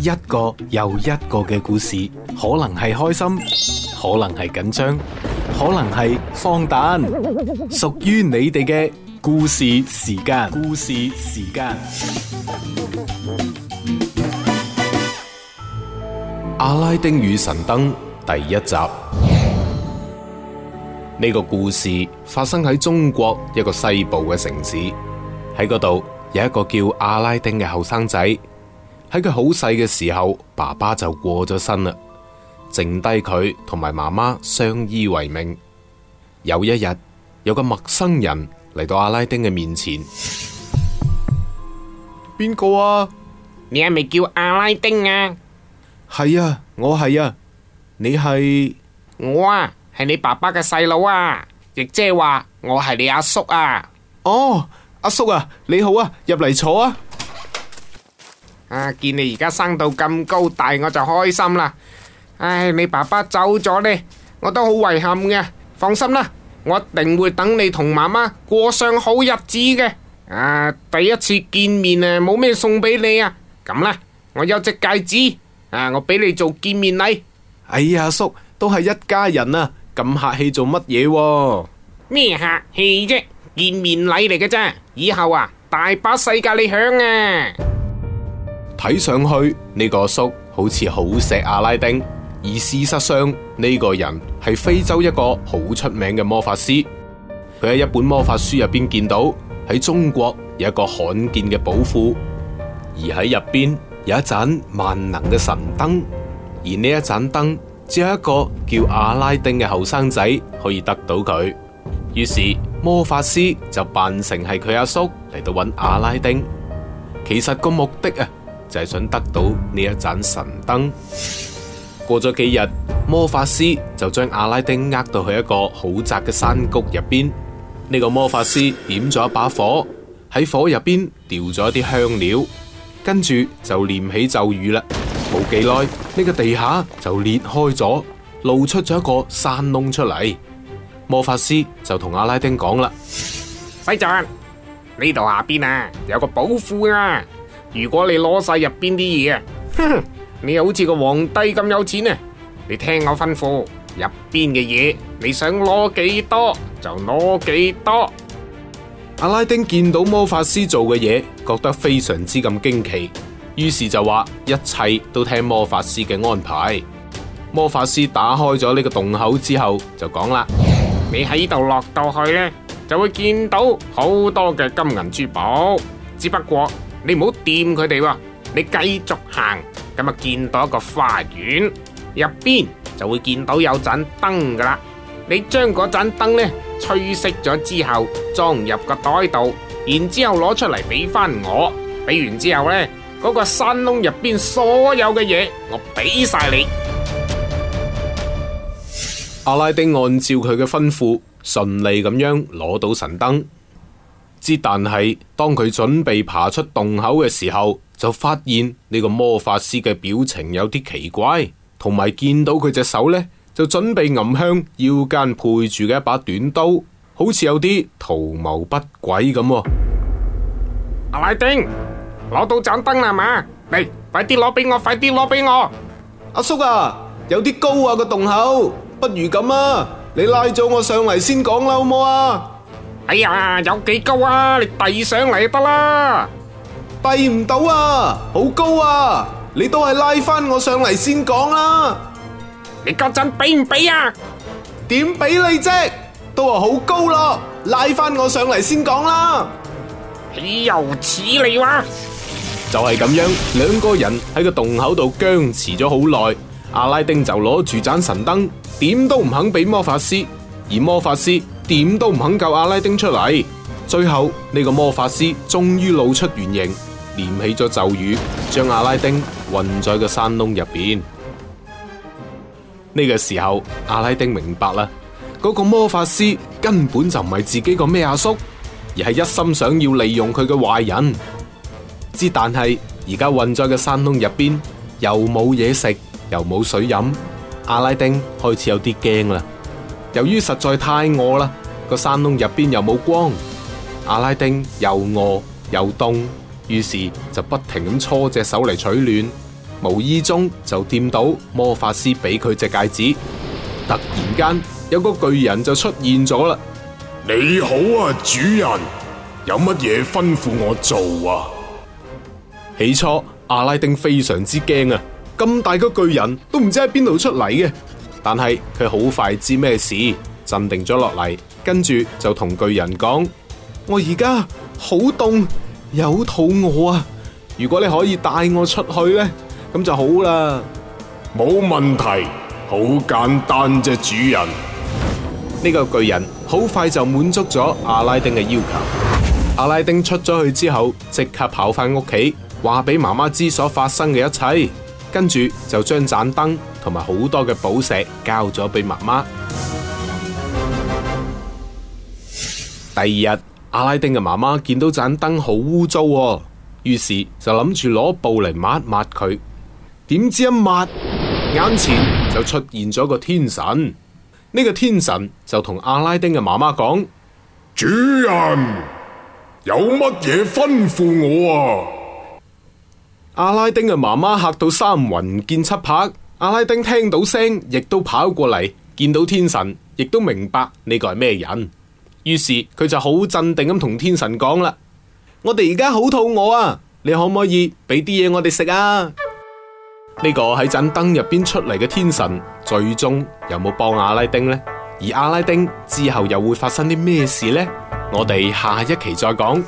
一個又一個嘅故事，可能係開心，可能係緊張，可能係荒誕，屬於你哋嘅故事時間。故事時間。阿拉丁與神燈第一集。呢個故事發生喺中國一個西部嘅城市，喺嗰度有一個叫阿拉丁嘅後生仔。喺佢好細嘅時候，爸爸就過咗身啦，剩低佢同埋媽媽相依為命。有一日，有個陌生人嚟到阿拉丁嘅面前。邊個啊？你係咪叫阿拉丁啊？係啊，我係啊。你係我啊，係你爸爸嘅細佬啊。亦即係話我係你阿叔啊。哦，阿叔啊，你好啊，入嚟坐啊。啊！見你而家生到咁高大，我就開心啦。唉，你爸爸走咗呢，我都好遺憾嘅。放心啦，我一定會等你同媽媽過上好日子嘅。啊，第一次見面啊，冇咩送俾你啊。咁啦，我有隻戒指啊，我俾你做見面禮。哎呀，叔都係一家人啊，咁客氣做乜嘢喎？咩客氣啫？啊？見面禮嚟嘅啫，以後啊，大把世界你享啊！睇上去呢個叔好似好錫阿拉丁，而事實上呢個人係非洲一個好出名嘅魔法師。佢喺一本魔法書入邊見到喺中國有一個罕見嘅寶庫，而喺入邊有一盞萬能嘅神燈，而呢一盞燈只有一個叫阿拉丁嘅後生仔可以得到佢。於是魔法師就扮成係佢阿叔嚟到搵阿拉丁，其實個目的啊！就係想得到呢一盞神燈。過咗幾日，魔法師就將阿拉丁呃到去一個好窄嘅山谷入邊。呢個魔法師點咗一把火喺火入邊掉咗一啲香料，跟住就念起咒語啦。冇幾耐，呢個地下就裂開咗，露出咗一個山窿出嚟。魔法師就同阿拉丁講啦：西藏呢度下邊啊有個寶庫啊！如果你攞晒入邊啲嘢啊，你又好似個皇帝咁有錢啊！你聽我吩咐，入邊嘅嘢你想攞幾多就攞幾多。阿拉丁見到魔法師做嘅嘢，覺得非常之咁驚奇，於是就話一切都聽魔法師嘅安排。魔法師打開咗呢個洞口之後，就講啦：你喺度落到去呢，就會見到好多嘅金銀珠寶，只不過，你唔好掂佢哋，你繼續行，咁啊見到一個花園，入邊就會見到有盞燈噶啦。你將嗰盞燈咧吹熄咗之後，裝入個袋度，然之後攞出嚟畀翻我。俾完之後咧，嗰個山窿入邊所有嘅嘢，我俾晒你。阿拉丁按照佢嘅吩咐，順利咁樣攞到神燈。之，但係當佢準備爬出洞口嘅時候，就發現呢個魔法師嘅表情有啲奇怪，同埋見到佢隻手呢，就準備暗香腰間配住嘅一把短刀，好似有啲圖謀不軌咁。阿拉丁，攞到盞燈啦嘛，嚟，快啲攞俾我，快啲攞俾我。阿叔啊，有啲高啊個洞口，不如咁啊，你拉咗我上嚟先講啦，好冇啊？哎呀，有幾高啊！你遞上嚟得啦，遞唔到啊，好高啊！你都係拉翻我上嚟先講啦。你家陣俾唔俾啊？點俾你啫？都話好高咯，啊，拉翻我上嚟先講啦。豈有此理哇，啊！就係咁樣，兩個人喺個洞口度僵持咗好耐。阿拉丁就攞住盞神燈，點都唔肯俾魔法師，而魔法師，點都唔肯救阿拉丁出嚟，最後呢個魔法師終於露出原形，念起咗咒語，將阿拉丁困在個山窿入邊。呢個時候，阿拉丁明白啦，嗰個魔法師根本就唔係自己個咩阿叔，而係一心想要利用佢嘅壞人。之但係而家困在個山窿入邊，又冇嘢食，又冇水飲，阿拉丁開始有啲驚啦。由於實在太餓啦，個山窿入邊又冇光，阿拉丁又餓又凍，於是就不停咁搓隻手嚟取暖，無意中就掂到魔法師俾佢隻戒指。突然間有個巨人就出現咗啦！你好啊，主人，有乜嘢吩咐我做啊？起初阿拉丁非常之驚啊，咁大個巨人都唔知喺邊度出嚟嘅。但係佢好快知咩事，鎮定咗落嚟，跟住就同巨人講：我而家好凍，有肚餓啊！如果你可以帶我出去呢，咁就好啦。冇問題，好簡單啫，主人。呢個巨人好快就滿足咗阿拉丁嘅要求。阿拉丁出咗去之後，即刻跑翻屋企，話俾媽媽知所發生嘅一切，跟住就將盞燈。同埋好多嘅寶石交咗俾媽媽。第二日，阿拉丁嘅媽媽見到盞燈好污糟喎，於是就諗住攞布嚟抹抹佢。點知一抹，眼前就出現咗個天神。呢個天神就同阿拉丁嘅媽媽講：主人，有乜嘢吩咐我啊？阿拉丁嘅媽媽嚇到三魂見七魄。阿拉丁聽到聲，亦都跑過嚟，見到天神，亦都明白呢個係咩人。於是佢就好鎮定咁同天神講啦：我哋而家好肚餓啊，你可唔可以俾啲嘢我哋食啊？呢個喺盞燈入邊出嚟嘅天神，最終有冇幫阿拉丁呢？而阿拉丁之後又會發生啲咩事呢？我哋下一期再講。